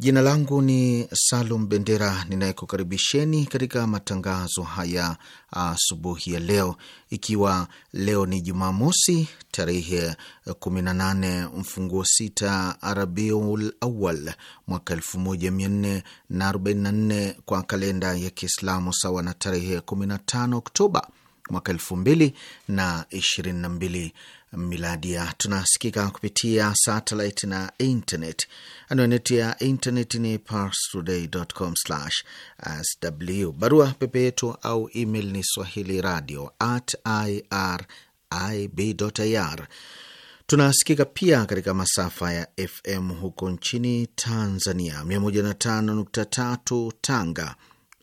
Jina langu ni Salum Bendera ninayekukaribisheni katika matangazo haya asubuhi ya leo, ikiwa leo ni Jumamosi tarehe 18 mfunguo 6 Rabiul Awal mwaka 1444 kwa kalenda ya Kiislamu, sawa na tarehe 15 Oktoba mwaka elfu mbili na ishirini na mbili miladia. Tunasikika kupitia satellite na internet. Anwani ya internet ni parstoday.com/sw. Barua pepe yetu au email ni swahili radio at irib.ir. Tunasikika pia katika masafa ya FM huko nchini Tanzania, 105.3 Tanga,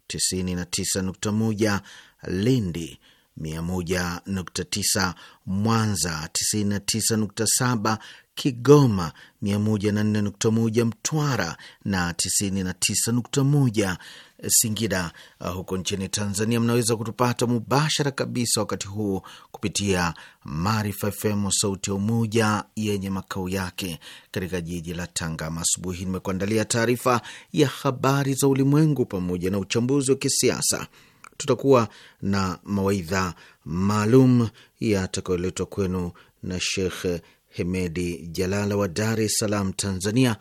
99.1 Lindi, 101.9 Mwanza, 99.7 Kigoma, 104.1 Mtwara na 99.1 Singida. Uh, huko nchini Tanzania mnaweza kutupata mubashara kabisa wakati huu kupitia Maarifa FM sauti ya Umoja yenye makao yake katika jiji la Tanga. Asubuhi nimekuandalia taarifa ya habari za ulimwengu pamoja na uchambuzi wa kisiasa tutakuwa na mawaidha maalum yatakayoletwa kwenu na Shekh Hemedi Jalala wa Dar es Salaam, Tanzania,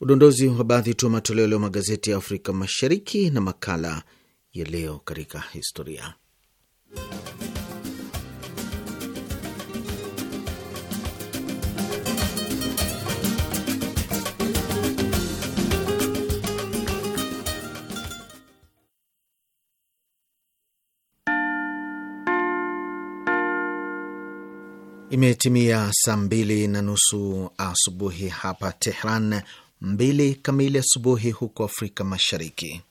udondozi wa baadhi tu matoleo leo magazeti ya Afrika Mashariki na makala ya leo katika historia Imetimia saa mbili na nusu asubuhi hapa Tehran, mbili kamili asubuhi huko Afrika Mashariki.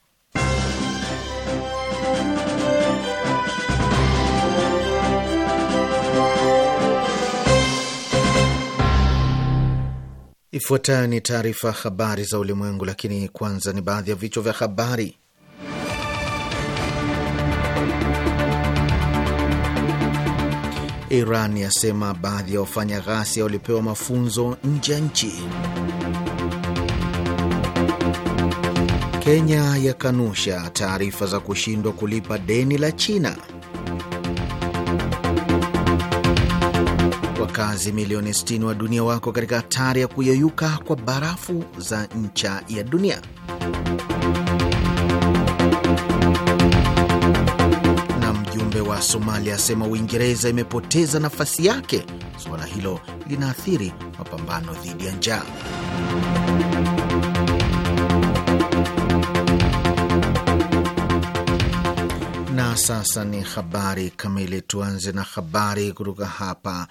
Ifuatayo ni taarifa habari za ulimwengu, lakini kwanza ni baadhi ya vichwa vya habari. Iran yasema baadhi ya wafanya ghasia walipewa mafunzo nje ya nchi. Kenya yakanusha taarifa za kushindwa kulipa deni la China. Wakazi milioni 60 wa dunia wako katika hatari ya kuyeyuka kwa barafu za ncha ya dunia wa Somalia asema Uingereza imepoteza nafasi yake, suala hilo linaathiri mapambano dhidi ya njaa. Na sasa ni habari kamili. Tuanze na habari kutoka hapa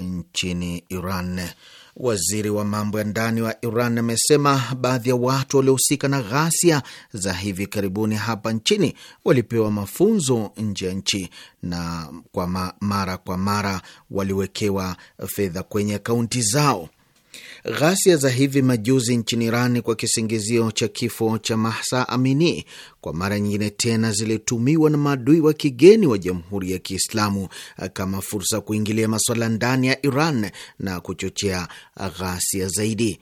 nchini Iran. Waziri wa mambo ya ndani wa Iran amesema baadhi ya watu waliohusika na ghasia za hivi karibuni hapa nchini walipewa mafunzo nje ya nchi na kwa mara kwa mara waliwekewa fedha kwenye akaunti zao. Ghasia za hivi majuzi nchini Iran kwa kisingizio cha kifo cha Mahsa Amini kwa mara nyingine tena zilitumiwa na maadui wa kigeni wa Jamhuri ya Kiislamu kama fursa kuingilia masuala ndani ya Iran na kuchochea ghasia zaidi.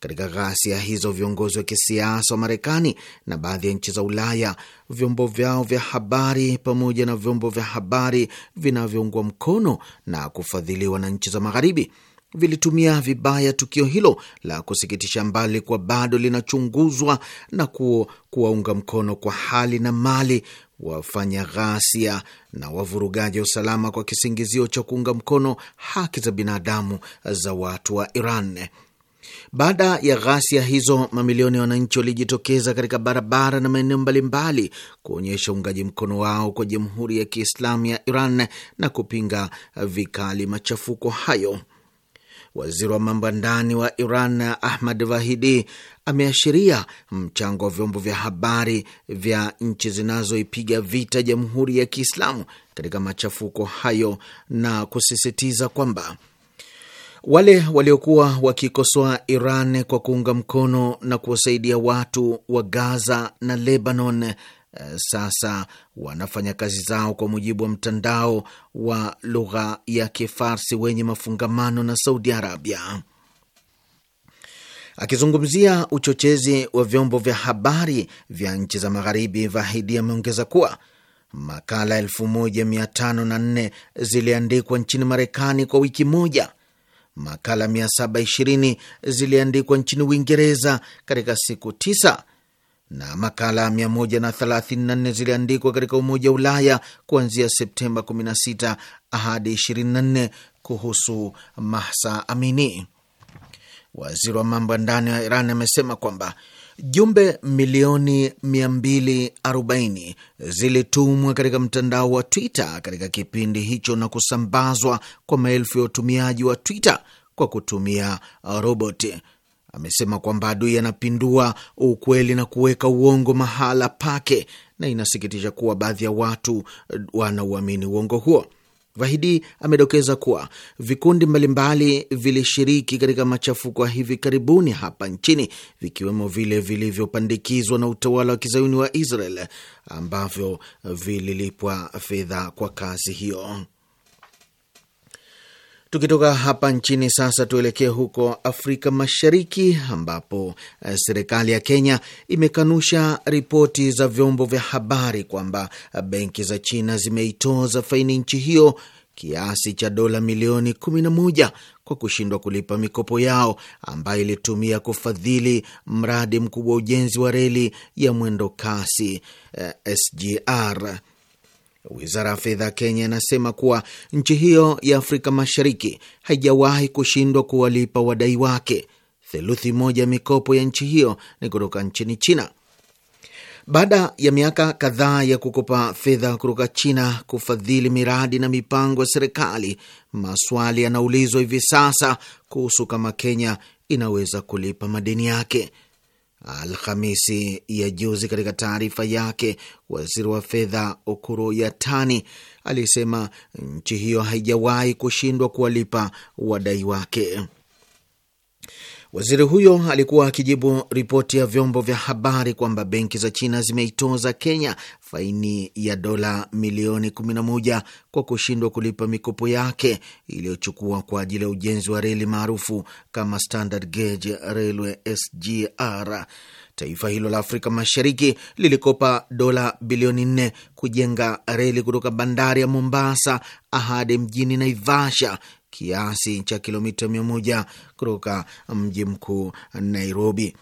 Katika ghasia hizo viongozi wa kisiasa wa Marekani na baadhi ya nchi za Ulaya, vyombo vyao vya habari pamoja na vyombo vya habari vinavyoungwa mkono na kufadhiliwa na nchi za Magharibi vilitumia vibaya tukio hilo la kusikitisha mbali kuwa bado linachunguzwa na kuwaunga mkono kwa hali na mali wafanya ghasia na wavurugaji wa usalama kwa kisingizio cha kuunga mkono haki za binadamu za watu wa Iran. Baada ya ghasia hizo, mamilioni ya wananchi walijitokeza katika barabara na maeneo mbalimbali kuonyesha uungaji mkono wao kwa Jamhuri ya Kiislamu ya Iran na kupinga vikali machafuko hayo waziri wa mambo ya ndani wa Iran Ahmad Vahidi ameashiria mchango wa vyombo vya habari vya nchi zinazoipiga vita Jamhuri ya Kiislamu katika machafuko hayo na kusisitiza kwamba wale waliokuwa wakikosoa Iran kwa kuunga mkono na kuwasaidia watu wa Gaza na Lebanon Eh, sasa wanafanya kazi zao kwa mujibu wa mtandao wa lugha ya Kifarsi wenye mafungamano na Saudi Arabia. Akizungumzia uchochezi wa vyombo vya habari vya nchi za Magharibi, Vahidi ameongeza kuwa makala 1504 ziliandikwa nchini Marekani kwa wiki moja. Makala 720 ziliandikwa nchini Uingereza katika siku tisa na makala 134 ziliandikwa katika Umoja wa Ulaya kuanzia Septemba 16 hadi 24 kuhusu Mahsa Amini. Waziri wa mambo ya ndani wa Iran amesema kwamba jumbe milioni 240 zilitumwa katika mtandao wa Twitter katika kipindi hicho na kusambazwa kwa maelfu ya utumiaji wa Twitter kwa kutumia roboti amesema kwamba adui anapindua ukweli na kuweka uongo mahala pake, na inasikitisha kuwa baadhi ya watu wanauamini uongo huo. Vahidi amedokeza kuwa vikundi mbalimbali vilishiriki katika machafuko ya hivi karibuni hapa nchini vikiwemo vile vilivyopandikizwa na utawala wa kizayuni wa Israel ambavyo vililipwa fedha kwa kazi hiyo. Tukitoka hapa nchini sasa, tuelekee huko Afrika Mashariki, ambapo eh, serikali ya Kenya imekanusha ripoti za vyombo vya habari kwamba eh, benki za China zimeitoza faini nchi hiyo kiasi cha dola milioni 11 kwa kushindwa kulipa mikopo yao ambayo ilitumia kufadhili mradi mkubwa wa ujenzi wa reli ya mwendo kasi eh, SGR. Wizara ya fedha ya Kenya inasema kuwa nchi hiyo ya Afrika Mashariki haijawahi kushindwa kuwalipa wadai wake. Theluthi moja ya mikopo ya nchi hiyo ni kutoka nchini China. Baada ya miaka kadhaa ya kukopa fedha kutoka China kufadhili miradi na mipango ya serikali, maswali yanaulizwa hivi sasa kuhusu kama Kenya inaweza kulipa madeni yake. Alhamisi ya juzi. Katika taarifa yake, waziri wa fedha Ukuru Yatani alisema nchi hiyo haijawahi kushindwa kuwalipa wadai wake. Waziri huyo alikuwa akijibu ripoti ya vyombo vya habari kwamba benki za China zimeitoza Kenya faini ya dola milioni 11 kwa kushindwa kulipa mikopo yake iliyochukua kwa ajili ya ujenzi wa reli maarufu kama Standard Gauge Railway SGR. Taifa hilo la Afrika Mashariki lilikopa dola bilioni 4 kujenga reli kutoka bandari ya Mombasa hadi mjini Naivasha kiasi cha kilomita mia moja kutoka mji mkuu Nairobi.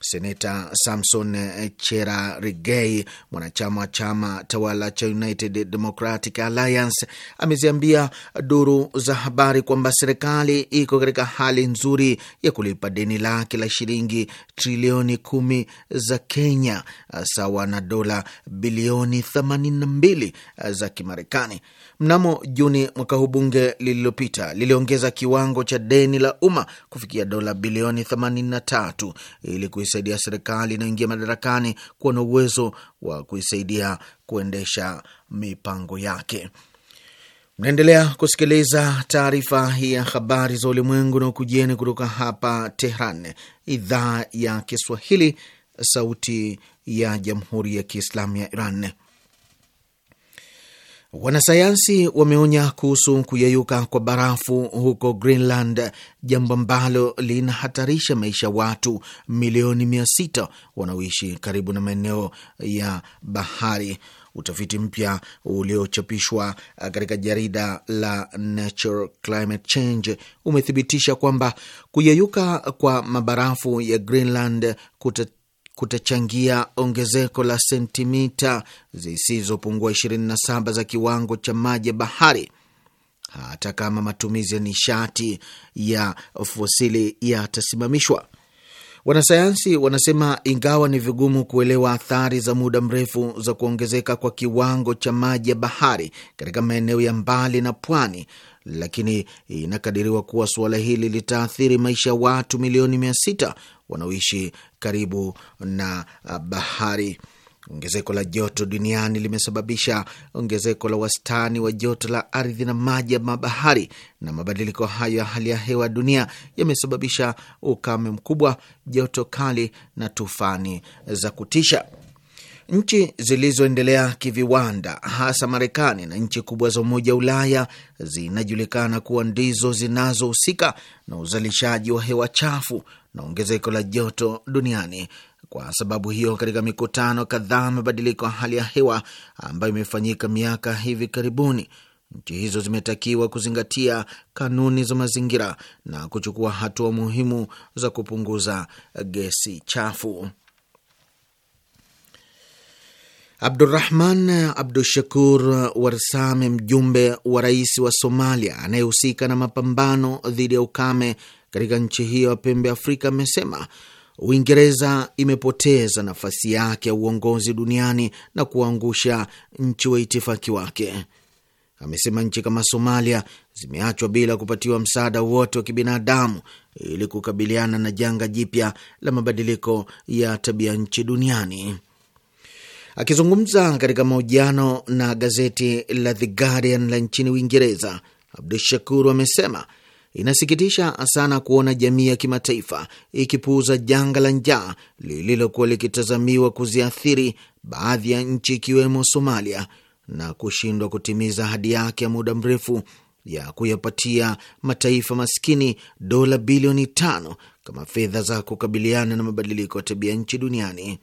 Seneta Samson Cherargei, mwanachama wa chama tawala cha United Democratic Alliance, ameziambia duru za habari kwamba serikali iko katika hali nzuri ya kulipa deni lake la shilingi trilioni kumi za Kenya, sawa na dola bilioni 82 za Kimarekani. Mnamo Juni mwaka huu bunge lililopita liliongeza kiwango cha deni la umma kufikia dola bilioni 83 ili kuisaidia serikali inayoingia madarakani kuwa na uwezo wa kuisaidia kuendesha mipango yake. Mnaendelea kusikiliza taarifa hii ya habari za ulimwengu na ukujieni kutoka hapa Tehran, idhaa ya Kiswahili, sauti ya jamhuri ya kiislamu ya Iran. Wanasayansi wameonya kuhusu kuyeyuka kwa barafu huko Greenland, jambo ambalo linahatarisha maisha watu milioni mia sita wanaoishi karibu na maeneo ya bahari. Utafiti mpya uliochapishwa katika jarida la Nature Climate Change umethibitisha kwamba kuyeyuka kwa mabarafu ya Greenland kutat kutachangia ongezeko la sentimita zisizopungua 27 za kiwango cha maji ya bahari hata kama matumizi ya nishati ya fosili yatasimamishwa. Wanasayansi wanasema ingawa ni vigumu kuelewa athari za muda mrefu za kuongezeka kwa kiwango cha maji ya bahari katika maeneo ya mbali na pwani, lakini inakadiriwa kuwa suala hili litaathiri maisha ya watu milioni mia sita wanaoishi karibu na uh, bahari. Ongezeko la joto duniani limesababisha ongezeko la wastani wa joto la ardhi na maji ya mabahari, na mabadiliko hayo ya hali ya hewa dunia yamesababisha ukame mkubwa, joto kali na tufani za kutisha. Nchi zilizoendelea kiviwanda hasa Marekani na nchi kubwa za Umoja wa Ulaya zinajulikana kuwa ndizo zinazohusika na uzalishaji wa hewa chafu na ongezeko la joto duniani. Kwa sababu hiyo, katika mikutano kadhaa mabadiliko ya hali ya hewa ambayo imefanyika miaka hivi karibuni, nchi hizo zimetakiwa kuzingatia kanuni za mazingira na kuchukua hatua muhimu za kupunguza gesi chafu. Abdurahman Abdushakur Warsame, mjumbe wa rais wa Somalia anayehusika na mapambano dhidi ya ukame katika nchi hiyo ya pembe Afrika, amesema Uingereza imepoteza nafasi yake ya uongozi duniani na kuangusha nchi wa itifaki wake. Amesema nchi kama Somalia zimeachwa bila kupatiwa msaada wote wa kibinadamu ili kukabiliana na janga jipya la mabadiliko ya tabia nchi duniani. Akizungumza katika mahojiano na gazeti la The Guardian la nchini Uingereza, Abdu Shakur amesema inasikitisha sana kuona jamii ya kimataifa ikipuuza janga la njaa lililokuwa likitazamiwa kuziathiri baadhi ya nchi ikiwemo Somalia na kushindwa kutimiza ahadi yake ya muda mrefu ya kuyapatia mataifa maskini dola bilioni tano kama fedha za kukabiliana na mabadiliko ya tabia nchi duniani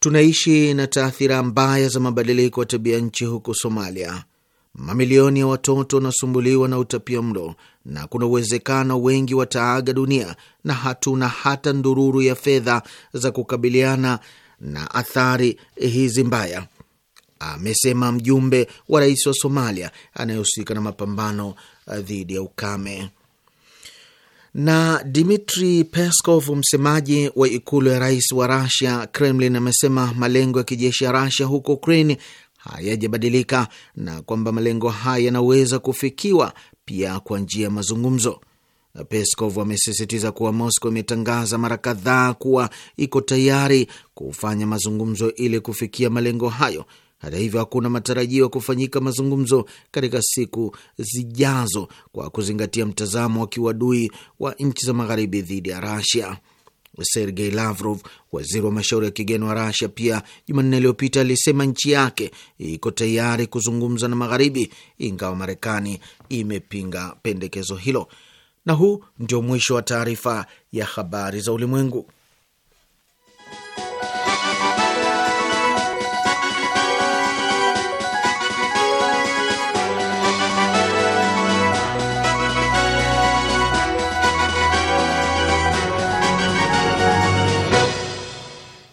tunaishi na taathira mbaya za mabadiliko ya tabia nchi huko Somalia. Mamilioni ya watoto wanasumbuliwa na utapia mlo na kuna uwezekano wengi wataaga dunia, na hatuna hata ndururu ya fedha za kukabiliana na athari hizi mbaya, amesema mjumbe wa rais wa Somalia anayehusika na mapambano dhidi ya ukame. Na Dmitri Peskov, msemaji wa ikulu ya rais wa Rasia, Kremlin, amesema malengo ya kijeshi ya Rasia huko Ukraine hayajabadilika na kwamba malengo haya yanaweza kufikiwa pia kwa njia ya mazungumzo. Peskov amesisitiza kuwa Moscow imetangaza mara kadhaa kuwa iko tayari kufanya mazungumzo ili kufikia malengo hayo hata hivyo, hakuna matarajio ya kufanyika mazungumzo katika siku zijazo kwa kuzingatia mtazamo wa kiuadui wa nchi za magharibi dhidi ya Rasia. Sergei Lavrov, waziri wa mashauri ya kigeni wa Rasia, pia Jumanne iliyopita alisema nchi yake iko tayari kuzungumza na Magharibi, ingawa Marekani imepinga pendekezo hilo. Na huu ndio mwisho wa taarifa ya habari za ulimwengu.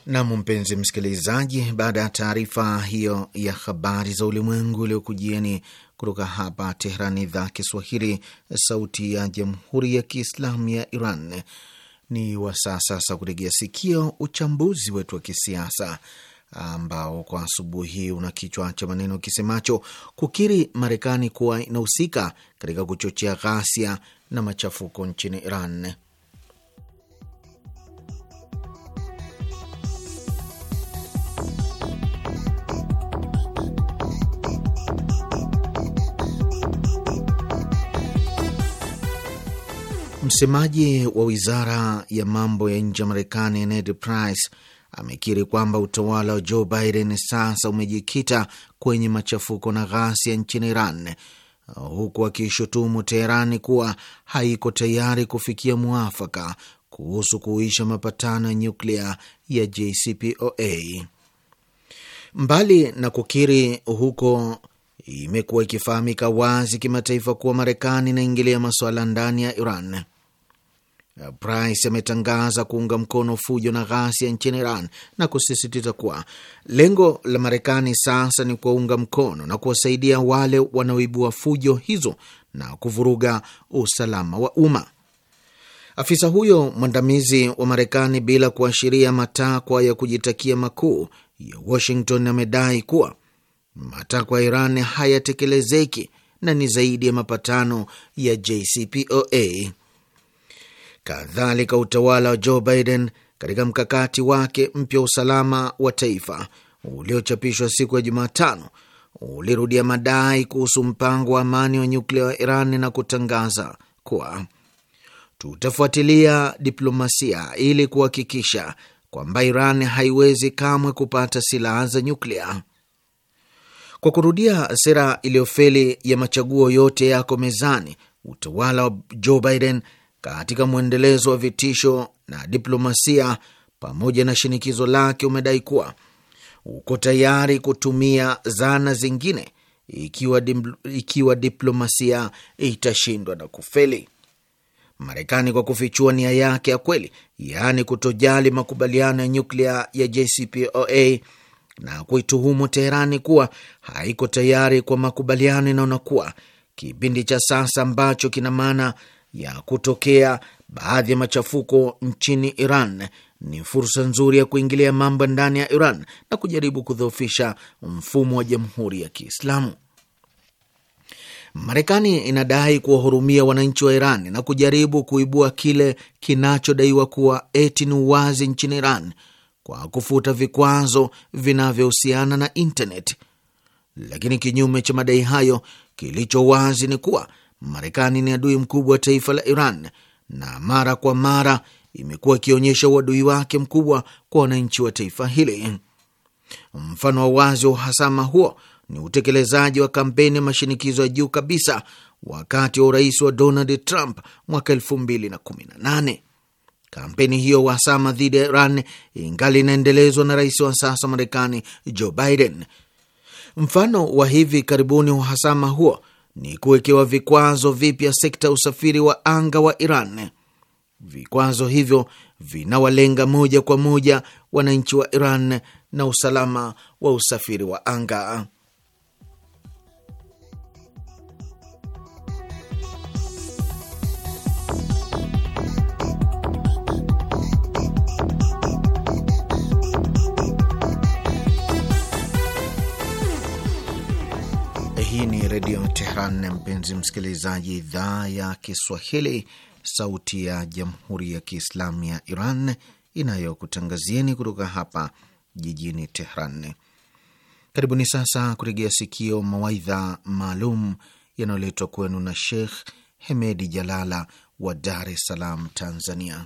Nam, mpenzi msikilizaji, baada ya taarifa hiyo ya habari za ulimwengu iliyokujieni kutoka hapa tehran idhaa Kiswahili, sauti ya jamhuri ya kiislamu ya Iran, ni wasaa sasa kutegea sikio uchambuzi wetu wa kisiasa ambao kwa asubuhi hii una kichwa cha maneno kisemacho kukiri Marekani kuwa inahusika katika kuchochea ghasia na machafuko nchini Iran. Msemaji wa wizara ya mambo ya nje ya Marekani Ned Price amekiri kwamba utawala wa Joe Biden sasa umejikita kwenye machafuko na ghasia nchini Iran, huku akiishutumu Teherani kuwa haiko tayari kufikia mwafaka kuhusu kuisha mapatano ya nyuklia ya JCPOA. Mbali na kukiri huko, imekuwa ikifahamika wazi kimataifa kuwa Marekani inaingilia masuala ndani ya Iran. Uh, Price ametangaza kuunga mkono fujo na ghasia nchini Iran na kusisitiza kuwa lengo la Marekani sasa ni kuwaunga mkono na kuwasaidia wale wanaoibua fujo hizo na kuvuruga usalama wa umma. Afisa huyo mwandamizi wa Marekani, bila kuashiria matakwa ya kujitakia makuu ya Washington, amedai kuwa matakwa ya Iran hayatekelezeki na ni zaidi ya mapatano ya JCPOA. Kadhalika, utawala wa Joe Biden katika mkakati wake mpya wa usalama wa taifa uliochapishwa siku ya Jumatano ulirudia madai kuhusu mpango wa amani wa nyuklia wa Iran na kutangaza kuwa tutafuatilia diplomasia ili kuhakikisha kwamba Iran haiwezi kamwe kupata silaha za nyuklia. Kwa kurudia sera iliyofeli ya machaguo yote yako mezani, utawala wa Joe Biden katika mwendelezo wa vitisho na diplomasia pamoja na shinikizo lake, umedai kuwa uko tayari kutumia zana zingine ikiwa, ikiwa diplomasia itashindwa na kufeli. Marekani kwa kufichua nia yake ya kweli, yaani kutojali makubaliano ya nyuklia ya JCPOA na kuituhumu Teherani kuwa haiko tayari kwa makubaliano, inaona kuwa kipindi cha sasa ambacho kina maana ya kutokea baadhi ya machafuko nchini Iran ni fursa nzuri ya kuingilia mambo ndani ya Iran na kujaribu kudhoofisha mfumo wa jamhuri ya Kiislamu. Marekani inadai kuwahurumia wananchi wa Iran na kujaribu kuibua kile kinachodaiwa kuwa eti ni uwazi nchini Iran kwa kufuta vikwazo vinavyohusiana na intnet lakini kinyume cha madai hayo, kilicho wazi ni kuwa Marekani ni adui mkubwa wa taifa la Iran na mara kwa mara imekuwa ikionyesha uadui wake mkubwa kwa wananchi wa taifa hili. Mfano wa wazi wa uhasama huo ni utekelezaji wa kampeni ya mashinikizo ya juu kabisa wakati wa urais wa Donald Trump mwaka elfu mbili na kumi na nane. Kampeni hiyo uhasama dhidi ya Iran ingali inaendelezwa na rais wa sasa wa Marekani Joe Biden. Mfano wa hivi karibuni uhasama huo ni kuwekewa vikwazo vipya sekta ya usafiri wa anga wa Iran. Vikwazo hivyo vinawalenga moja kwa moja wananchi wa Iran na usalama wa usafiri wa anga. Redio Tehran, mpenzi msikilizaji, idhaa ya Kiswahili, sauti ya Jamhuri ya Kiislamu ya Iran inayokutangazieni kutoka hapa jijini Tehran. Karibuni sasa kuregea sikio mawaidha maalum yanayoletwa kwenu na Sheikh Hemedi Jalala wa Dar es Salaam, Tanzania.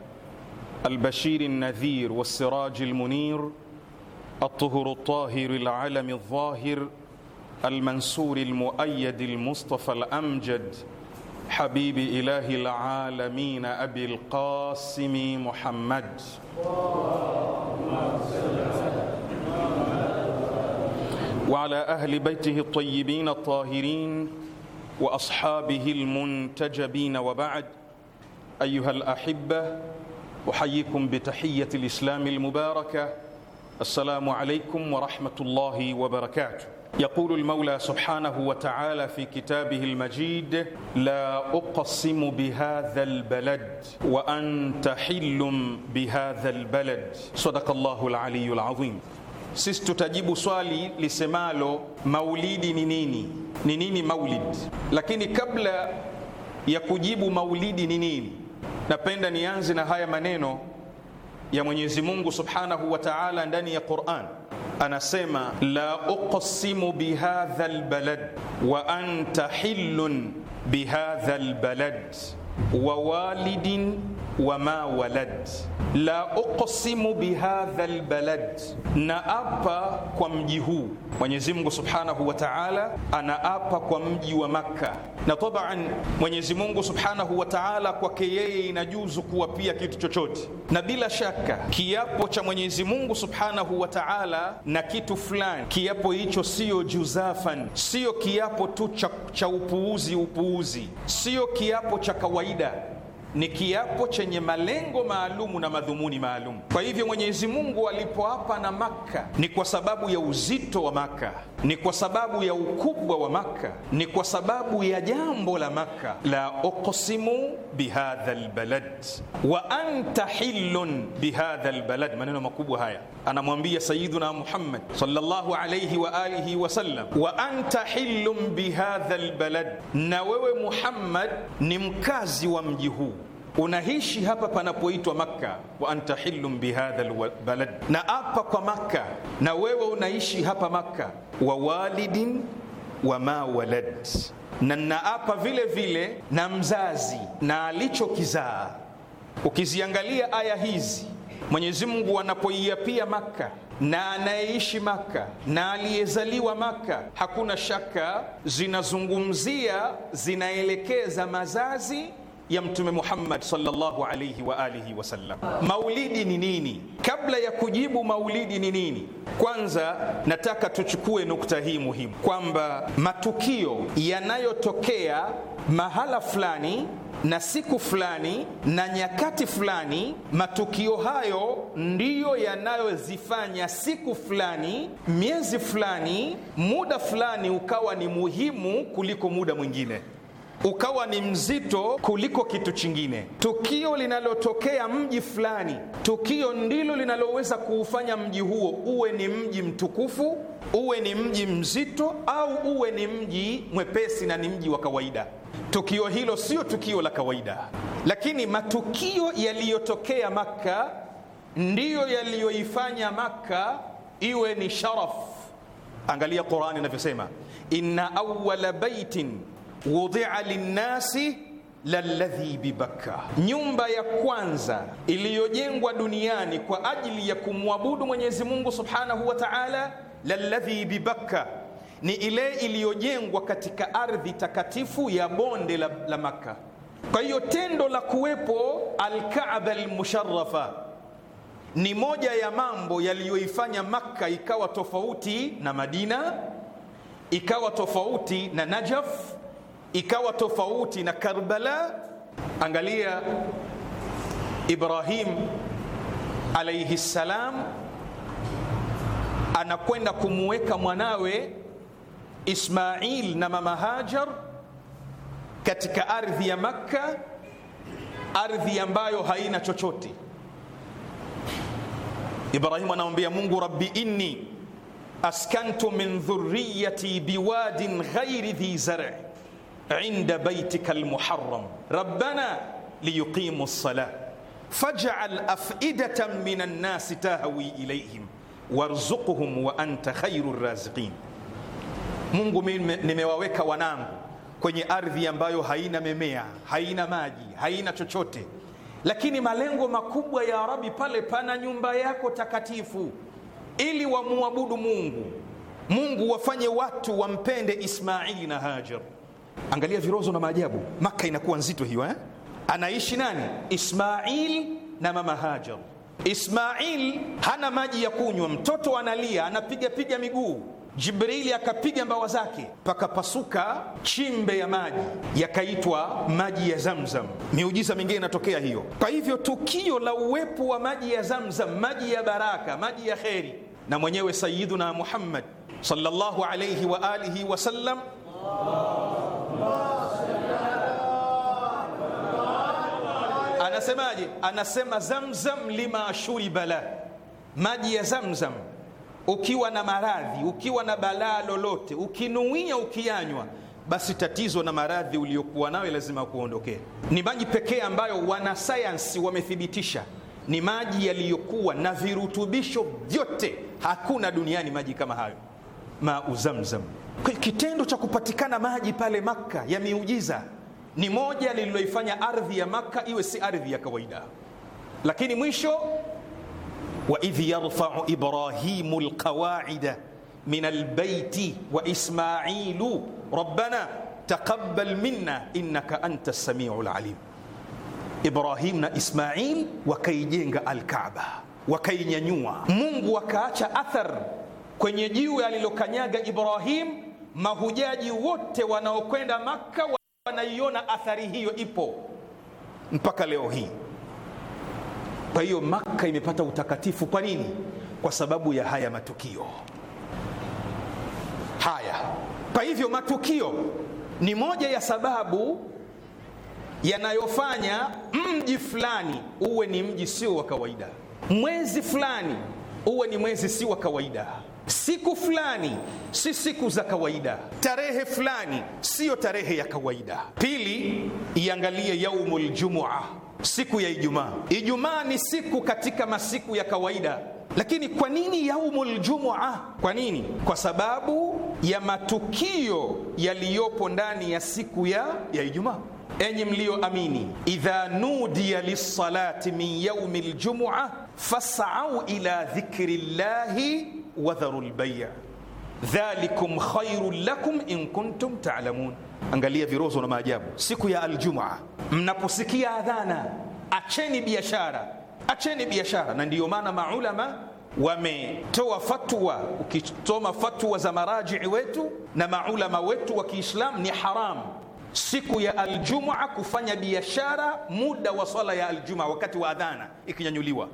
البشير النذير والسراج المنير الطهر الطاهر العلم الظاهر المنصور المؤيد المصطفى الأمجد حبيب إله العالمين أبي القاسم محمد وعلى أهل بيته الطيبين الطاهرين وأصحابه المنتجبين وبعد أيها الأحبة احييكم بتحيه الاسلام المباركه السلام عليكم ورحمه الله وبركاته يقول المولى سبحانه وتعالى في كتابه المجيد لا اقسم بهذا البلد وانت حل بهذا البلد صدق الله العلي العظيم sisi tutajibu swali lisemalo maulidi ni nini ni nini maulid lakini kabla ya kujibu maulidi ni nini Napenda nianze na haya maneno ya Mwenyezi Mungu Subhanahu wa Ta'ala ndani ya Qur'an, anasema la uqsimu bihadha albalad wa anta hillun bihadha albalad wa walidin wama walad la uqsimu bihadha albalad, apa kwa mji huu. Mwenyezi Mungu Subhanahu wa Ta'ala anaapa kwa mji wa Makka, na tabaan Mwenyezi Mungu Subhanahu wa Ta'ala kwake yeye inajuzu pia kitu chochote, na bila shaka kiapo cha Mwenyezi Mungu Subhanahu wa Ta'ala na kitu fulani, kiapo hicho siyo juzafan, siyo kiapo tu cha, cha upuuzi upuuzi, siyo kiapo cha kawaida ni kiapo chenye malengo maalumu na madhumuni maalum Kwa hivyo Mwenyezi Mungu alipoapa na Makka ni kwa sababu ya uzito wa Makka, ni kwa sababu ya ukubwa wa Makka, ni kwa sababu ya jambo la Makka. la uqsimu bihadha lbalad wa anta hilun bihadha lbalad, maneno makubwa haya anamwambia Sayyiduna Muhammad sallallahu alayhi wa alihi sallam, wa anta hillum bihadha albalad, na wewe Muhammad ni mkazi wa mji huu unaishi hapa panapoitwa Makka. wa anta hillum bihadha albalad, na apa kwa Makka, na wewe unaishi hapa Makka. wa walidin wa ma walad, na naapa vile vile na mzazi na alichokizaa. Ukiziangalia aya hizi Mwenyezi Mungu anapoiapia Maka na anayeishi Maka na aliyezaliwa Maka, hakuna shaka zinazungumzia, zinaelekeza mazazi ya Mtume Muhammad sallallahu alayhi wa alihi wasallam. Maulidi ni nini? Kabla ya kujibu maulidi ni nini, kwanza nataka tuchukue nukta hii muhimu kwamba matukio yanayotokea mahala fulani na siku fulani na nyakati fulani, matukio hayo ndiyo yanayozifanya siku fulani, miezi fulani, muda fulani ukawa ni muhimu kuliko muda mwingine ukawa ni mzito kuliko kitu chingine. Tukio linalotokea mji fulani, tukio ndilo linaloweza kuufanya mji huo uwe ni mji mtukufu, uwe ni mji mzito, au uwe ni mji mwepesi na ni mji wa kawaida. Tukio hilo sio tukio la kawaida, lakini matukio yaliyotokea Makka ndiyo yaliyoifanya Makka iwe ni sharaf. Angalia Qurani inavyosema, inna awwala baitin wudia linnasi lalladhi bibakka, nyumba ya kwanza iliyojengwa duniani kwa ajili ya kumwabudu Mwenyezi Mungu subhanahu wa taala, lalladhi bibakka ni ile iliyojengwa katika ardhi takatifu ya bonde la, la Makka. Kwa hiyo tendo la kuwepo Alkaaba lmusharafa ni moja ya mambo yaliyoifanya Makka ikawa tofauti na Madina, ikawa tofauti na Najaf, ikawa tofauti na Karbala. Angalia Ibrahim alaihi salam anakwenda kumuweka mwanawe Ismail na mama Hajar katika ardhi ya Makka, ardhi ambayo haina chochote. Ibrahimu anamwambia Mungu, rabbi inni askantu min dhurriyati biwadin ghairi dhi zar' inda baitika almuharram rabbana liyuqimu as-salah faj'al af'idatan min an tahwi ilayhim warzuqhum wa anta khairur raziqin Mungu, mimi nimewaweka wanangu kwenye ardhi ambayo haina memea, haina maji, haina chochote, lakini malengo makubwa ya Arabi, pale pana nyumba yako takatifu, ili wamwabudu Mungu. Mungu wafanye watu wampende Ismaili na Hajar. Angalia virozo na maajabu, Maka inakuwa nzito hiyo eh? Anaishi nani? Ismail na mama Hajar. Ismail hana maji ya kunywa, mtoto analia, anapigapiga miguu Jibrili akapiga mbawa zake, pakapasuka chimbe ya maji yakaitwa maji ya Zamzam. Miujiza mingine inatokea hiyo. Kwa hivyo tukio la uwepo wa maji ya Zamzam, maji ya baraka, maji ya kheri, na mwenyewe Sayyiduna Muhammad sallallahu alayhi wa alihi wasallam anasemaje? Anasema zamzam lima shuriba la, maji ya Zamzam ukiwa na maradhi, ukiwa na balaa lolote, ukinuia ukianywa, basi tatizo na maradhi uliokuwa nayo lazima kuondokea. Ni maji pekee ambayo wanasayansi wamethibitisha ni maji yaliyokuwa na virutubisho vyote. Hakuna duniani maji kama hayo, mau Zamzam. Kitendo cha kupatikana maji pale Makka ya miujiza ni moja lililoifanya ardhi ya Makka iwe si ardhi ya kawaida, lakini mwisho وإذ يرفع إبراهيم القواعد من البيت وإسماعيل ربنا تقبل منا إنك أنت lsamiu lalim Ibrahim na Ismail wakaijenga Alkaaba, wakainyanyua. Mungu akaacha athar kwenye jiwe alilokanyaga Ibrahim. Mahujaji wote wanaokwenda Makka wanaiona athari hiyo, ipo mpaka leo hii. Kwa hiyo Makka imepata utakatifu. Kwa nini? Kwa sababu ya haya matukio haya. Kwa hivyo matukio ni moja ya sababu yanayofanya mji fulani uwe ni mji sio wa kawaida, mwezi fulani uwe ni mwezi si wa kawaida, siku fulani si siku za kawaida, tarehe fulani siyo tarehe ya kawaida. Pili, iangalie yaumul jumua siku ya Ijumaa. Ijumaa ni siku katika masiku ya kawaida, lakini kwa nini yaumul jumua? Kwa nini? Kwa sababu ya matukio yaliyopo ndani ya siku ya, ya Ijumaa. Enyi mliyoamini, idha nudiya lissalati min yaumi ljumua fasau ila dhikri llahi wadharu lbaya dhalikum khairun lakum in kuntum ta'lamun. Angalia virozo na maajabu. Siku ya Aljumaa, mnaposikia adhana, acheni biashara, acheni biashara. Na ndiyo maana maulama wametoa fatwa. Ukisoma fatwa za marajii wetu na maulama wetu wa Kiislamu, ni haram siku ya Aljumaa kufanya biashara muda wa swala ya Aljumaa, wakati wa adhana ikinyanyuliwa,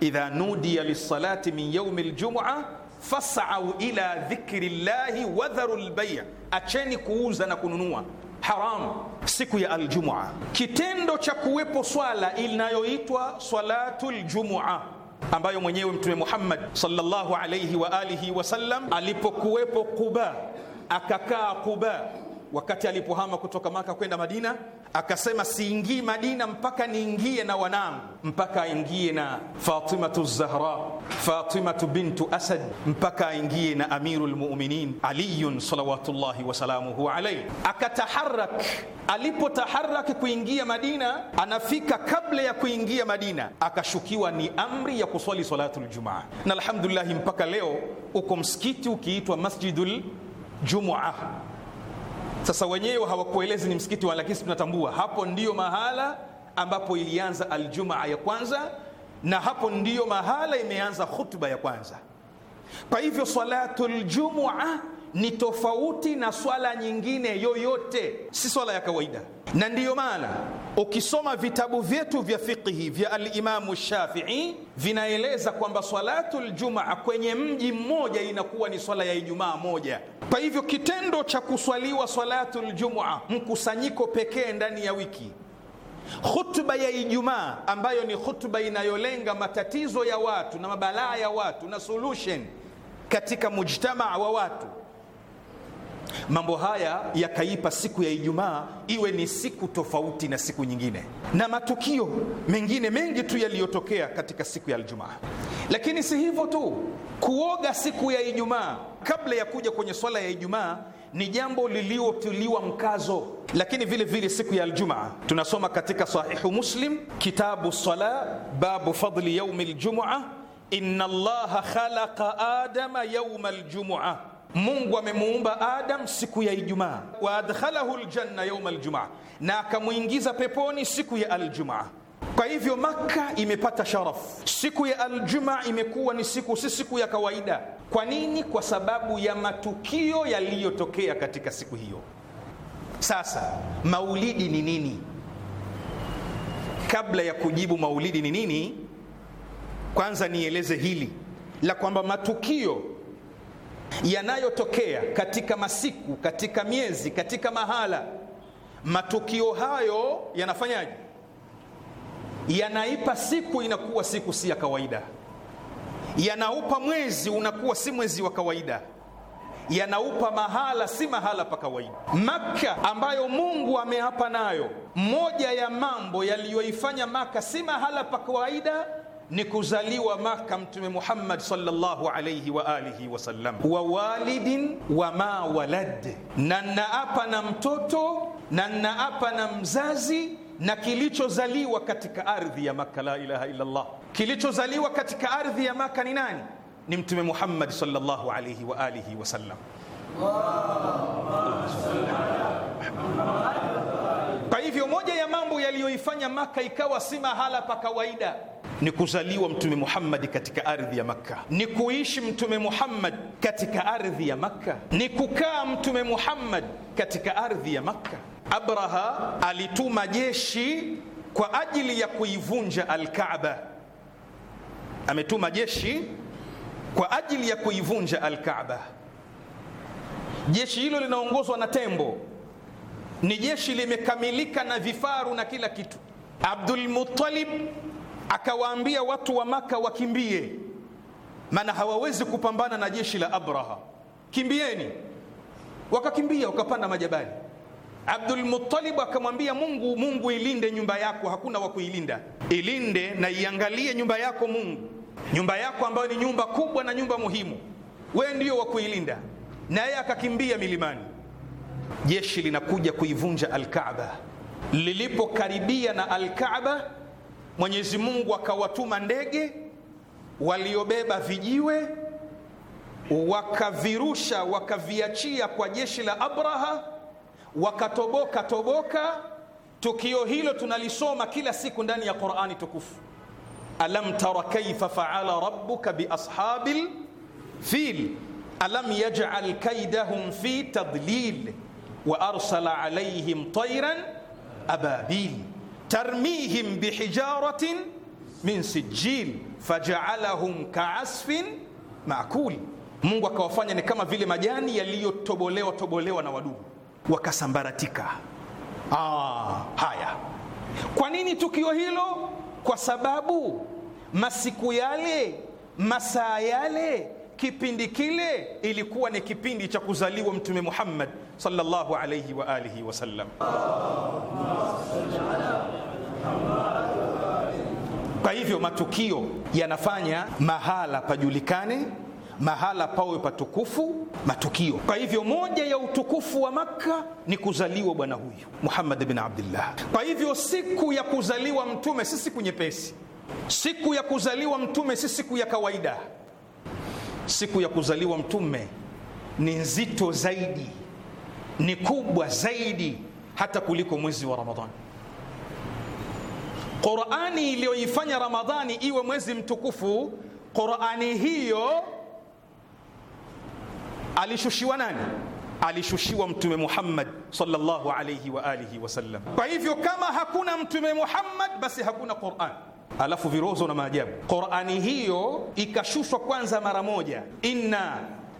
idha nudiya lisalati min yaumi ljumua fasau ila dhikri llahi wadharu lbeia, acheni kuuza na kununua haramu. Siku ya aljumua, kitendo cha kuwepo swala inayoitwa salatul ljumua ambayo mwenyewe Mtume Muhammad sallallahu alayhi wa alihi wasallam alipokuwepo Quba, akakaa Quba wakati alipohama kutoka Maka kwenda Madina, akasema siingii Madina mpaka niingie na wanangu, mpaka aingie na Fatimatu Zahra, Fatimatu bintu Asad, mpaka aingie na amiru lmuminin Ali salawatullahi wasalamuhu alayhi. Akataharak, alipotaharak kuingia Madina, anafika kabla ya kuingia Madina akashukiwa ni amri ya kuswali salatu Jumaa, na alhamdulillah mpaka leo uko msikiti ukiitwa Masjidul Jumaa. Sasa wenyewe hawakuelezi ni msikiti wa, lakini tunatambua hapo ndiyo mahala ambapo ilianza aljumaa ya kwanza, na hapo ndiyo mahala imeanza khutba ya kwanza. Kwa hivyo salatul jumua ni tofauti na swala nyingine yoyote, si swala ya kawaida. Na ndiyo maana ukisoma vitabu vyetu vya fiqhi vya Alimamu Shafii vinaeleza kwamba swalatu ljumaa kwenye mji mmoja inakuwa ni swala ya Ijumaa moja. Kwa hivyo kitendo cha kuswaliwa swalatu ljumua mkusanyiko pekee ndani ya wiki khutba ya Ijumaa ambayo ni khutba inayolenga matatizo ya watu na mabalaa ya watu na solution katika mujtamaa wa watu Mambo haya yakaipa siku ya Ijumaa iwe ni siku tofauti na siku nyingine, na matukio mengine mengi tu yaliyotokea katika siku ya Ijumaa. Lakini si hivyo tu, kuoga siku ya Ijumaa kabla ya kuja kwenye swala ya Ijumaa ni jambo liliotuliwa mkazo. Lakini vile vile siku ya Aljumaa tunasoma katika Sahihu Muslim, kitabu sala, babu fadli yaumi ljumua, inna llaha khalaqa adama yauma ljumua Mungu amemuumba Adam siku ya Ijumaa, wa adkhalahu aljanna yawma aljumaa, na akamwingiza peponi siku ya aljumaa. Kwa hivyo Makka imepata sharaf Siku ya aljumaa imekuwa ni siku, si siku ya kawaida. Kwa nini? Kwa sababu ya matukio yaliyotokea katika siku hiyo. Sasa maulidi ni nini? Kabla ya kujibu maulidi ni nini, kwanza nieleze hili la kwamba matukio yanayotokea katika masiku, katika miezi, katika mahala. Matukio hayo yanafanyaje? Yanaipa siku inakuwa siku si ya kawaida, yanaupa mwezi unakuwa si mwezi wa kawaida, yanaupa mahala si mahala pa kawaida. Maka ambayo Mungu ameapa nayo, moja ya mambo yaliyoifanya Maka si mahala pa kawaida ni kuzaliwa Maka Mtume Muhammad sallallahu alayhi wa alihi wasallam, wa walidin wa ma walad, na nnaapa na mtoto na nnaapa na mzazi na kilichozaliwa katika ardhi ya Maka. La ilaha illa Allah, kilichozaliwa katika ardhi ya Maka ni nani? Ni Mtume Muhammad sallallahu alayhi wa alihi wasallam. Kwa hivyo moja ya mambo yaliyoifanya Maka ikawa si mahala pa kawaida ni kuzaliwa Mtume Muhammad katika ardhi ya Makka, ni kuishi Mtume Muhammad katika ardhi ya Makka, ni kukaa Mtume Muhammad katika ardhi ya Makka. Abraha alituma jeshi kwa ajili ya kuivunja Alkaaba, ametuma jeshi kwa ajili ya kuivunja Alkaaba. Jeshi hilo linaongozwa na tembo, ni jeshi limekamilika na vifaru na kila kitu. Abdul Muttalib akawaambia watu wa Maka wakimbie, maana hawawezi kupambana na jeshi la Abraha, kimbieni. Wakakimbia wakapanda majabali. Abdul Muttalib akamwambia Mungu, Mungu ilinde nyumba yako, hakuna wa kuilinda. Ilinde na iangalie nyumba yako Mungu, nyumba yako ambayo ni nyumba kubwa na nyumba muhimu, wee ndio wa kuilinda. Na yeye akakimbia milimani. Jeshi linakuja kuivunja Alkaaba, lilipokaribia na Alkaaba Mwenyezi Mungu akawatuma ndege waliobeba vijiwe wakavirusha wakaviachia kwa jeshi la Abraha wakatoboka toboka. Tukio hilo tunalisoma kila siku ndani ya Qur'ani tukufu. Alam tara kaifa faala rabbuka biashabil fil alam yaj'al kaidahum fi tadlil wa arsala alayhim tayran ababil tarmihim bihijaratin min sijil fajaalahum kaasfin maakuli, Mungu akawafanya ni kama vile majani yaliyotobolewa tobolewa na wadudu wakasambaratika. Ah, haya. Kwa nini tukio hilo? Kwa sababu masiku yale, masaa yale Kipindi kile ilikuwa ni kipindi cha kuzaliwa Mtume Muhammad sallallahu alayhi wa alihi wasallam. Kwa hivyo matukio yanafanya mahala pajulikane, mahala pawe patukufu, matukio. Kwa hivyo moja ya utukufu wa Makka ni kuzaliwa bwana huyu Muhammad bin Abdullah. Kwa hivyo siku ya kuzaliwa mtume si siku nyepesi, siku ya kuzaliwa mtume si siku ya kawaida siku ya kuzaliwa Mtume ni nzito zaidi, ni kubwa zaidi hata kuliko mwezi wa Ramadhani. Qurani iliyoifanya Ramadhani iwe mwezi mtukufu, Qurani hiyo alishushiwa nani? Alishushiwa Mtume Muhammad sallallahu alayhi wa alihi wasallam. Kwa hivyo kama hakuna Mtume Muhammad, basi hakuna Qurani alafu virozo na maajabu. Qurani hiyo ikashushwa kwanza mara moja, inna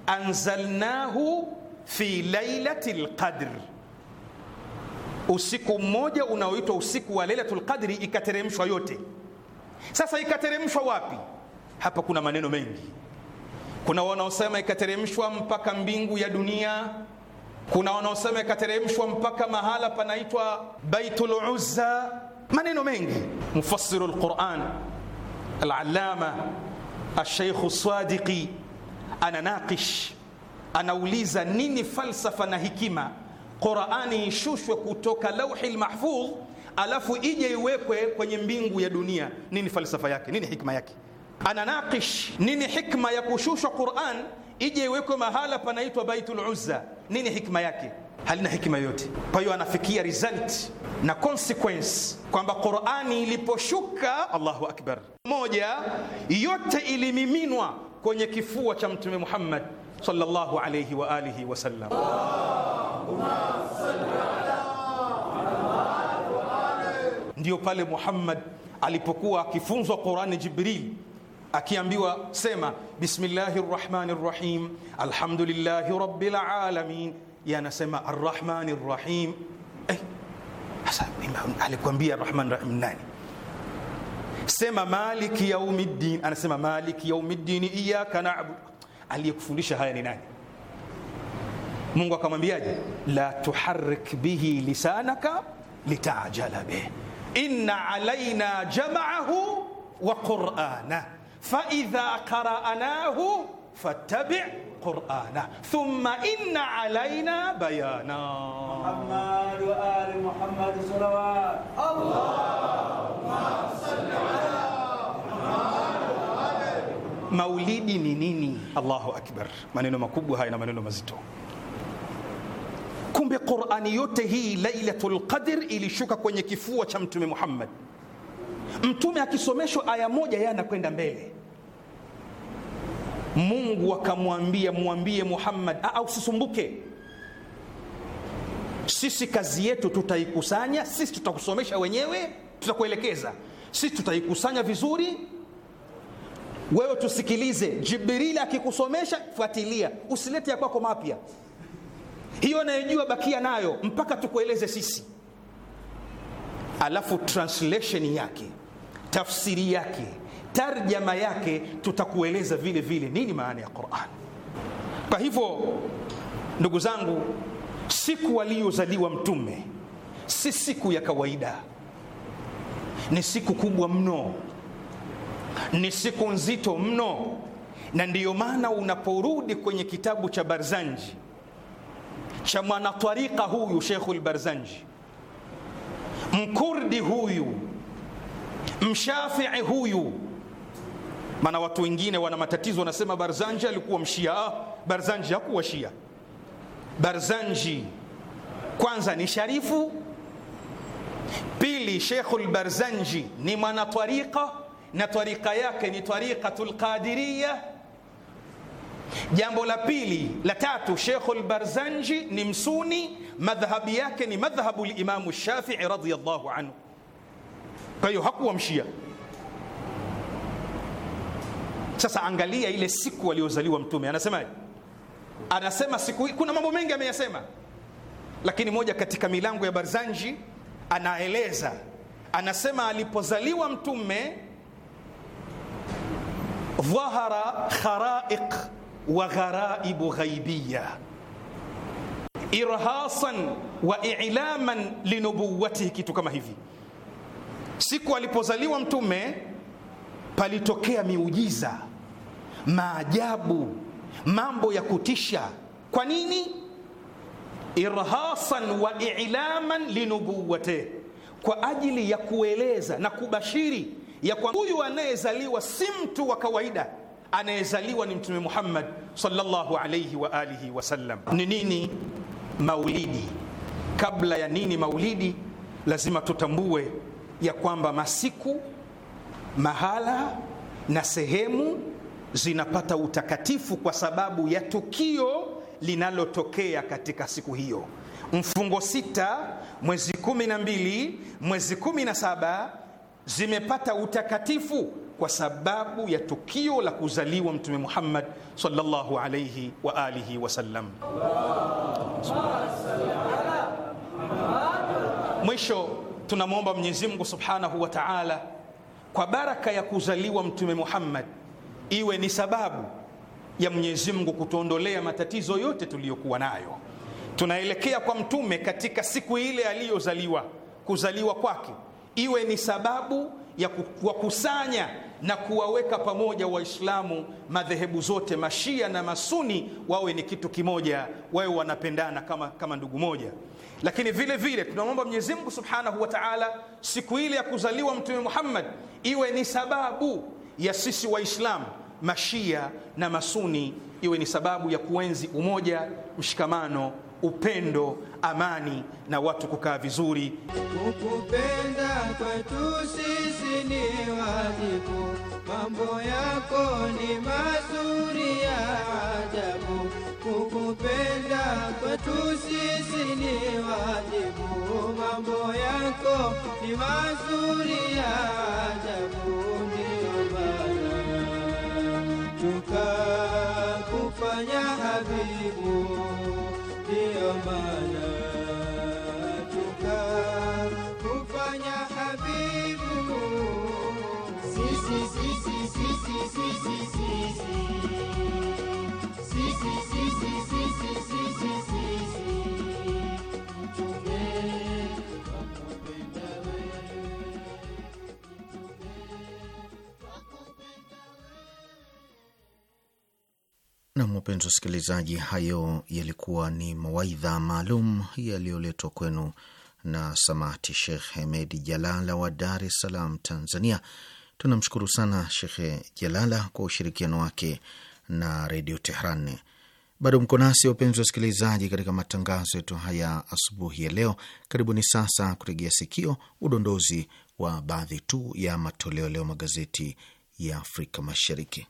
anzalnahu fi lailati lqadr, usiku mmoja unaoitwa usiku wa lailatu lqadri, ikateremshwa yote. Sasa ikateremshwa wapi? Hapa kuna maneno mengi. Kuna wanaosema ikateremshwa mpaka mbingu ya dunia, kuna wanaosema ikateremshwa mpaka mahala panaitwa Baitul Uzza maneno mengi mufassiru lquran alalama asheikhu sadiqi ananaqish anauliza nini falsafa na hikima qurani ishushwe kutoka lauhi lmahfudh alafu ije iwekwe kwenye mbingu ya dunia nini falsafa yake nini hikma yake ananaqish nini hikma ya kushushwa quran ije iwekwe mahala panaitwa baitul uzza nini hikma yake halina hikima yoyote. Kwa hiyo anafikia result na consequence kwamba Qur'ani iliposhuka, Allahu akbar, moja yote ilimiminwa kwenye kifua cha Mtume Muhammad sallallahu alayhi wa alihi Ndiyo pale Muhammad alipokuwa akifunzwa Qurani Jibril akiambiwa sema, bismillahi rrahmani rrahim alhamdulillahi rabbil alamin yanasema arrahmani rrahim. Eh, sasa alikwambia arrahmani rrahim nani? Sema maliki yaumiddin, anasema maliki yaumiddini iyaka na'budu. Aliyekufundisha haya ni nani? Mungu akamwambiaje? la tuharrik bihi lisanaka litajala bih inna alaina jam'ahu wa qur'ana fa qara'nahu fattabi' qur'ana thumma inna alaina bayana Muhammad wa ali Muhammad salawat Allahumma salli ala Maulidi ni nini? Allahu akbar! Maneno makubwa haya na maneno mazito. Kumbe Qur'ani yote hii Lailatul Qadr ilishuka kwenye kifua cha Mtume Muhammad. Mtume akisomeshwa aya moja, yeye anakwenda mbele Mungu akamwambia mwambie Muhammad, a usisumbuke, sisi kazi yetu tutaikusanya, sisi tutakusomesha wenyewe, tutakuelekeza sisi, tutaikusanya vizuri wewe tusikilize. Jibrili akikusomesha fuatilia, usilete ya kwako mapya. Hiyo anayejua bakia nayo mpaka tukueleze sisi. Alafu translation yake, tafsiri yake tarjama yake tutakueleza vile vile nini maana ya Qur'an. Kwa hivyo ndugu zangu, siku aliyozaliwa Mtume si siku ya kawaida, ni siku kubwa mno, ni siku nzito mno, na ndiyo maana unaporudi kwenye kitabu cha Barzanji cha mwanatariqa huyu Sheikhul Barzanji, mkurdi huyu, mshafii huyu maana watu wengine wana matatizo, wanasema Barzanji alikuwa mshia. Ah, Barzanji hakuwa shia. Barzanji kwanza ni sharifu, pili Sheikhul Barzanji ni mwana na tariqa yake ni tariqatul Qadiriya. Jambo la pili la tatu, Sheikhul Barzanji ni msuni, madhhabu yake ni madhhabu limamu Shafii radhiyallahu anhu. Kwa hiyo hakuwa mshia. Sasa angalia ile siku aliyozaliwa Mtume, anasema Anasema siku hii, kuna mambo mengi ameyasema, lakini moja katika milango ya Barzanji anaeleza, anasema alipozaliwa Mtume, dhahara kharaiq wa gharaibu ghaibiya irhasan wa ilaman linubuwatihi, kitu kama hivi. Siku alipozaliwa Mtume palitokea miujiza, maajabu, mambo ya kutisha. Kwa nini? irhasan wa ilaman linubuwate, kwa ajili ya kueleza na kubashiri ya kwa huyu anayezaliwa si mtu wa kawaida, anayezaliwa ni Mtume Muhammad sallallahu alayhi wa alihi wasallam. Ni nini maulidi? Kabla ya nini maulidi, lazima tutambue ya kwamba masiku mahala na sehemu zinapata utakatifu kwa sababu ya tukio linalotokea katika siku hiyo. Mfungo sita, mwezi kumi na mbili, mwezi kumi na saba zimepata utakatifu kwa sababu ya tukio la kuzaliwa Mtume Muhammad sallallahu alayhi wa alihi wasallam. Mwisho tunamwomba Mwenyezi Mungu subhanahu wa ta'ala kwa baraka ya kuzaliwa Mtume Muhammad iwe ni sababu ya Mwenyezi Mungu kutuondolea matatizo yote tuliyokuwa nayo. Tunaelekea kwa mtume katika siku ile aliyozaliwa, kuzaliwa kwake iwe ni sababu ya kuwakusanya na kuwaweka pamoja Waislamu madhehebu zote, mashia na masuni, wawe ni kitu kimoja, wawe wanapendana kama, kama ndugu moja lakini vile vile tunamwomba Mwenyezi Mungu Subhanahu wa Ta'ala, siku ile ya kuzaliwa Mtume Muhammad iwe ni sababu ya sisi Waislamu mashia na masuni, iwe ni sababu ya kuenzi umoja, mshikamano, upendo, amani na watu kukaa vizuri. Ukupenda kwetu sisi ni wajibu, mambo yako ni mazuri ya ajabu. Kukupenda kwetu sisi ni wajibu, mambo yako ni mazuri ya ajabu, ndiyo maana tukakufanya habibi Na mpenzi wasikilizaji, hayo yalikuwa ni mawaidha maalum yaliyoletwa kwenu na samati Shekh Hemedi Jalala wa Dar es Salaam, Tanzania. Tunamshukuru sana Shekhe Jalala kwa ushirikiano wake na Redio Tehran. Bado mko nasi wapenzi wasikilizaji, katika matangazo yetu haya asubuhi ya leo. Karibuni sasa kutegea sikio udondozi wa baadhi tu ya matoleo leo magazeti ya Afrika Mashariki.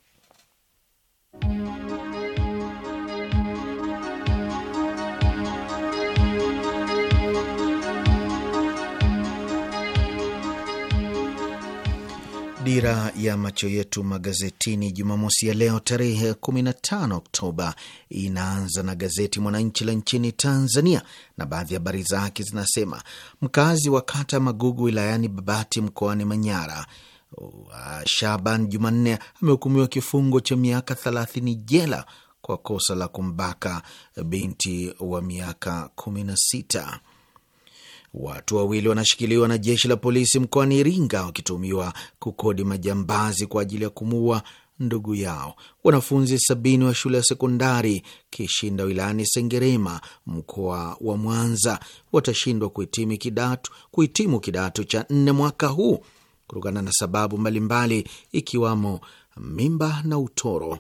Dira ya macho yetu magazetini Jumamosi ya leo tarehe 15 Oktoba inaanza na gazeti Mwananchi la nchini Tanzania, na baadhi ya habari zake zinasema mkazi wa kata Magugu wilayani Babati mkoani Manyara Shaban Jumanne amehukumiwa kifungo cha miaka 30 jela kwa kosa la kumbaka binti wa miaka kumi na sita. Watu wawili wanashikiliwa na jeshi la polisi mkoani Iringa wakitumiwa kukodi majambazi kwa ajili ya kumuua ndugu yao. Wanafunzi sabini wa shule ya sekondari Kishinda wilayani Sengerema mkoa wa Mwanza watashindwa kuhitimu kidato kuhitimu kidato cha nne mwaka huu kutokana na sababu mbalimbali ikiwamo mimba na utoro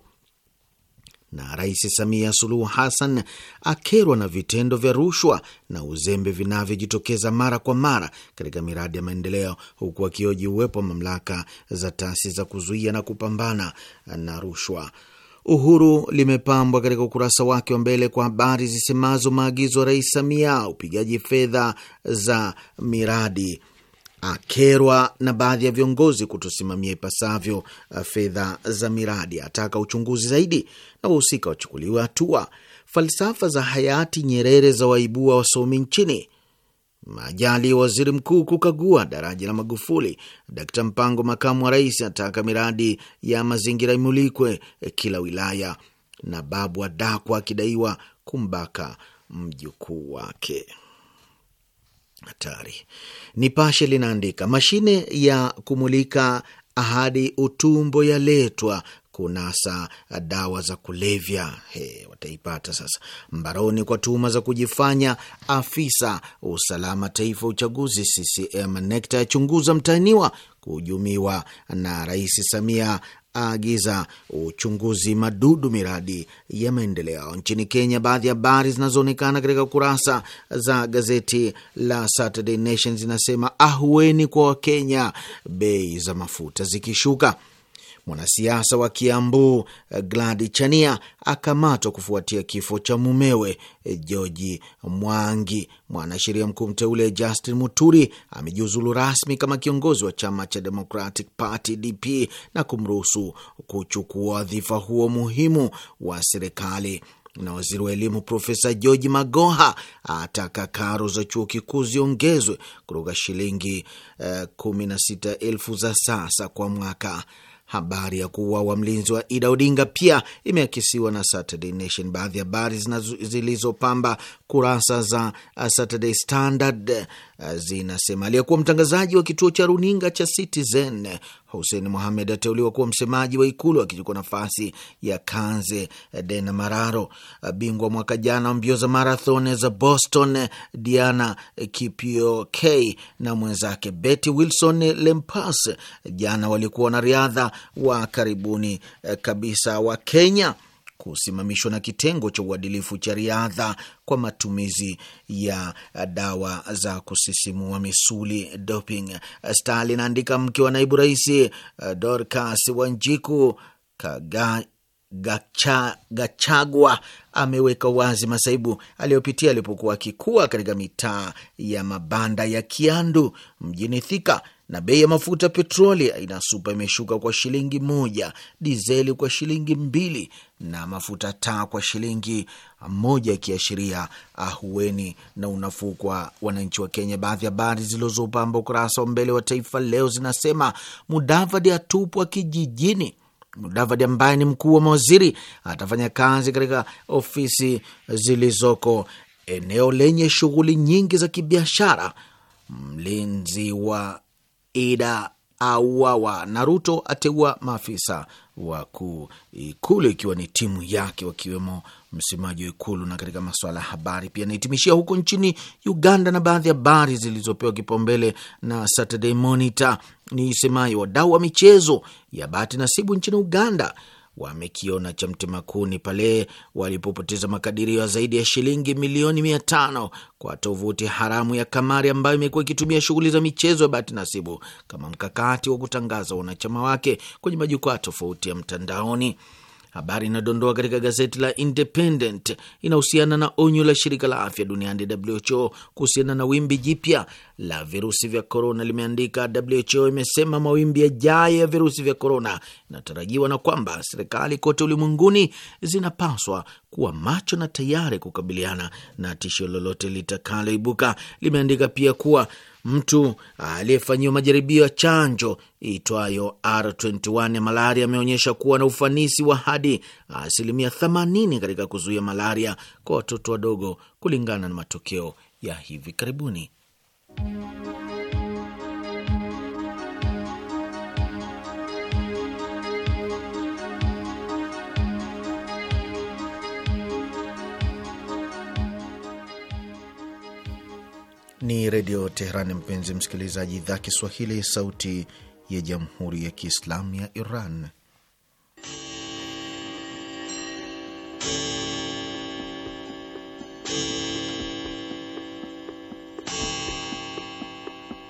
na Rais Samia Suluhu Hassan akerwa na vitendo vya rushwa na uzembe vinavyojitokeza mara kwa mara katika miradi ya maendeleo, huku akioji uwepo wa mamlaka za taasisi za kuzuia na kupambana na rushwa. Uhuru limepambwa katika ukurasa wake wa mbele kwa habari zisemazo maagizo ya Rais Samia, upigaji fedha za miradi akerwa na baadhi ya viongozi kutosimamia ipasavyo uh, fedha za miradi, ataka uchunguzi zaidi na wahusika wachukuliwe hatua. Falsafa za hayati Nyerere za waibua wasomi nchini. Majali ya waziri mkuu kukagua daraja la Magufuli. Dkt Mpango, makamu wa rais, ataka miradi ya mazingira imulikwe eh, kila wilaya, na babu adakwa akidaiwa kumbaka mjukuu wake hatari. Nipashe linaandika mashine ya kumulika ahadi utumbo yaletwa kunasa dawa za kulevya. He, wataipata sasa. Mbaroni kwa tuhuma za kujifanya afisa usalama taifa uchaguzi. CCM NECTA yachunguza mtaniwa kuhujumiwa na Rais Samia aagiza uchunguzi madudu miradi ya maendeleo nchini Kenya. Baadhi ya habari zinazoonekana katika kurasa za gazeti la Saturday Nation zinasema ahueni kwa Wakenya, bei za mafuta zikishuka Mwanasiasa wa Kiambu Gladi Chania akamatwa kufuatia kifo cha mumewe eh, George Mwangi. Mwanasheria mkuu mteule Justin Muturi amejiuzulu rasmi kama kiongozi wa chama cha Democratic Party DP na kumruhusu kuchukua wadhifa huo muhimu wa serikali na waziri wa elimu Profesa George Magoha ataka karo za chuo kikuu ziongezwe kutoka shilingi 16 eh, elfu kumi na sita za sasa kwa mwaka. Habari ya kuuawa mlinzi wa Ida Odinga pia imeakisiwa na Saturday Nation. Baadhi ya habari zilizopamba kurasa za Saturday Standard Uh, zinasema aliyekuwa mtangazaji wa kituo cha runinga cha Citizen Hussein Mohamed ateuliwa kuwa msemaji wa Ikulu akichukua nafasi ya Kanze dena mararo uh, Bingwa mwaka jana wa mbio za marathon za Boston Diana Kipyokei na mwenzake Betty Wilson Lempas jana walikuwa wanariadha wa karibuni uh, kabisa wa Kenya kusimamishwa na kitengo cha uadilifu cha riadha kwa matumizi ya dawa za kusisimua misuli doping. Stalin aandika mke wa naibu rais Dorcas Wanjiku Kaga Gacha, Gachagwa ameweka wazi masaibu aliyopitia alipokuwa akikua katika mitaa ya mabanda ya Kiandu mjini Thika na bei ya mafuta petroli aina supa imeshuka kwa shilingi moja, dizeli kwa shilingi mbili na mafuta taa kwa shilingi moja, ikiashiria ahueni na unafuu kwa wananchi wa Kenya. Baadhi ya habari zilizopamba ukurasa wa mbele wa Taifa Leo zinasema Mudavadi atupwa kijijini. Mudavadi ambaye ni mkuu wa mawaziri atafanya kazi katika ofisi zilizoko eneo lenye shughuli nyingi za kibiashara. Mlinzi wa Ida auawa, ruto ateua maafisa wakuu, Ikulu ikiwa ni timu yake, wakiwemo msemaji wa Ikulu. Na katika masuala ya habari pia anahitimishia huko nchini Uganda, na baadhi ya habari zilizopewa kipaumbele na Saturday Monitor ni semayo wadau wa michezo ya bahati nasibu nchini Uganda wamekiona cha mtema kuni pale walipopoteza makadirio ya zaidi ya shilingi milioni mia tano kwa tovuti haramu ya kamari ambayo imekuwa ikitumia shughuli za michezo ya bahati nasibu kama mkakati wa kutangaza wanachama wake kwenye majukwaa tofauti ya mtandaoni. Habari inadondoa katika gazeti la Independent inahusiana na onyo la shirika la afya duniani WHO kuhusiana na wimbi jipya la virusi vya korona. Limeandika, WHO imesema mawimbi yajayo ya virusi vya korona inatarajiwa na kwamba serikali kote ulimwenguni zinapaswa kuwa macho na tayari kukabiliana na tishio lolote litakaloibuka. Limeandika pia kuwa mtu aliyefanyiwa majaribio ya chanjo itwayo R21 ya malaria ameonyesha kuwa na ufanisi wa hadi asilimia 80 katika kuzuia malaria kwa watoto wadogo kulingana na matokeo ya hivi karibuni. Ni Redio Teheran, mpenzi msikilizaji, idhaa Kiswahili, sauti ya jamhuri ya kiislamu ya Iran.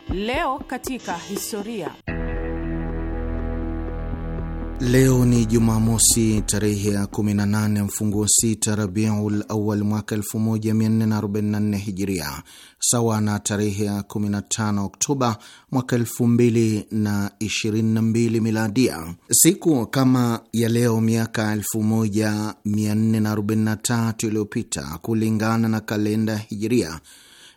Leo katika historia Leo ni Jumamosi, tarehe ya 18 mfunguo sita Rabiul Awal mwaka 1444 Hijiria, sawa na tarehe ya 15 Oktoba mwaka 2022 Miladia. Siku kama ya leo miaka 1443 iliyopita, kulingana na kalenda Hijiria,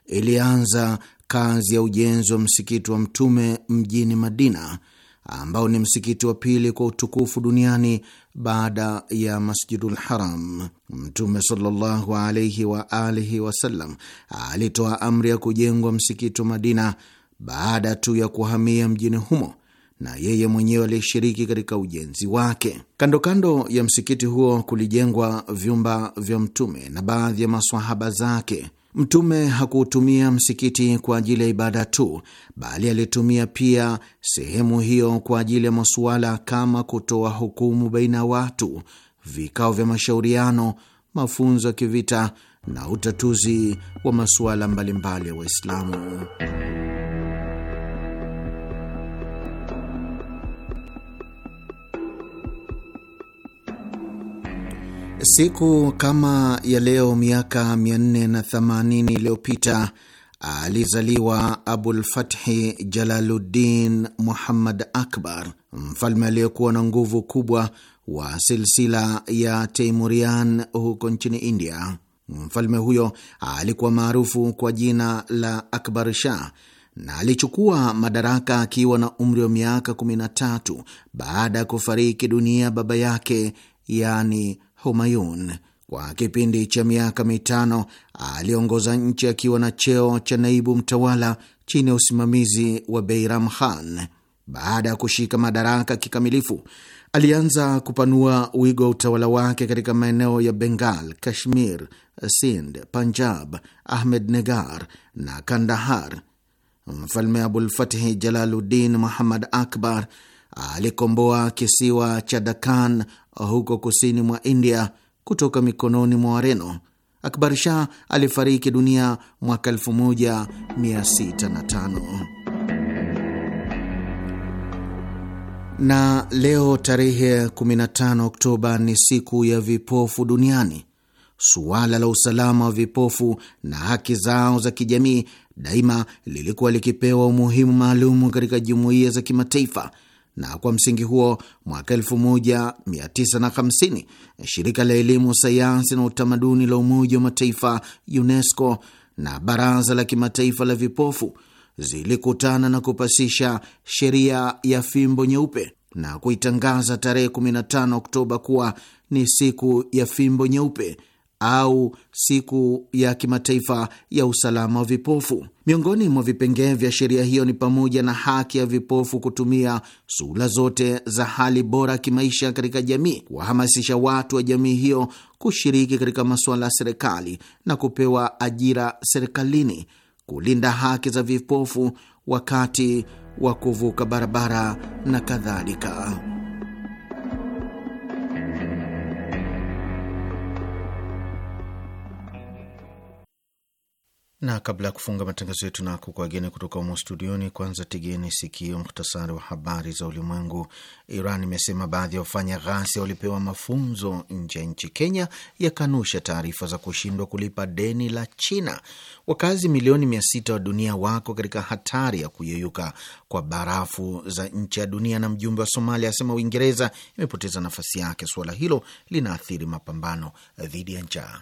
ilianza kazi ya ujenzi wa msikiti wa Mtume mjini Madina ambao ni msikiti wa pili kwa utukufu duniani baada ya Masjidul Haram. Mtume sallallahu alaihi wa alihi wasallam alitoa amri ya kujengwa msikiti wa Madina baada tu ya kuhamia mjini humo na yeye mwenyewe aliyeshiriki katika ujenzi wake. Kando kando ya msikiti huo kulijengwa vyumba vya Mtume na baadhi ya maswahaba zake. Mtume hakuutumia msikiti kwa ajili ya ibada tu, bali alitumia pia sehemu hiyo kwa ajili ya masuala kama kutoa hukumu baina ya watu, vikao vya mashauriano, mafunzo ya kivita na utatuzi wa masuala mbalimbali ya Waislamu. Siku kama ya leo miaka 480 iliyopita alizaliwa Abulfathi Jalaluddin Muhammad Akbar, mfalme aliyekuwa na nguvu kubwa wa silsila ya Teimurian huko nchini India. Mfalme huyo alikuwa maarufu kwa jina la Akbar Shah na alichukua madaraka akiwa na umri wa miaka 13 baada ya kufariki dunia baba yake, yani Humayun. Kwa kipindi cha miaka mitano aliongoza nchi akiwa na cheo cha naibu mtawala chini ya usimamizi wa Beiram Khan. Baada ya kushika madaraka kikamilifu, alianza kupanua wigo wa utawala wake katika maeneo ya Bengal, Kashmir, Sind, Punjab, negar na Kandahar. Mfalme Abulfatihi Jalaluddin Muhammad Akbar alikomboa kisiwa cha Dakan huko kusini mwa India kutoka mikononi mwa Wareno. Akbar Shah alifariki dunia mwaka 1605 na leo tarehe 15 Oktoba ni siku ya vipofu duniani. Suala la usalama wa vipofu na haki zao za kijamii daima lilikuwa likipewa umuhimu maalum katika jumuiya za kimataifa na kwa msingi huo mwaka 1950 shirika la elimu, sayansi na utamaduni la Umoja wa Mataifa UNESCO na Baraza la Kimataifa la Vipofu zilikutana na kupasisha sheria ya fimbo nyeupe na kuitangaza tarehe 15 Oktoba kuwa ni siku ya fimbo nyeupe au siku ya kimataifa ya usalama wa vipofu. Miongoni mwa vipengee vya sheria hiyo ni pamoja na haki ya vipofu kutumia suhula zote za hali bora kimaisha katika jamii, kuwahamasisha watu wa jamii hiyo kushiriki katika masuala ya serikali na kupewa ajira serikalini, kulinda haki za vipofu wakati wa kuvuka barabara na kadhalika. na kabla ya kufunga matangazo yetu na kukuageni kutoka humo studioni, kwanza tigeni sikio muhtasari wa habari za ulimwengu. Iran imesema baadhi ya wafanya ghasia walipewa mafunzo nje ya nchi. Kenya yakanusha taarifa za kushindwa kulipa deni la China. Wakazi milioni mia sita wa dunia wako katika hatari ya kuyeyuka kwa barafu za nchi ya dunia. Na mjumbe wa Somalia asema Uingereza imepoteza nafasi yake, suala hilo linaathiri mapambano dhidi ya njaa.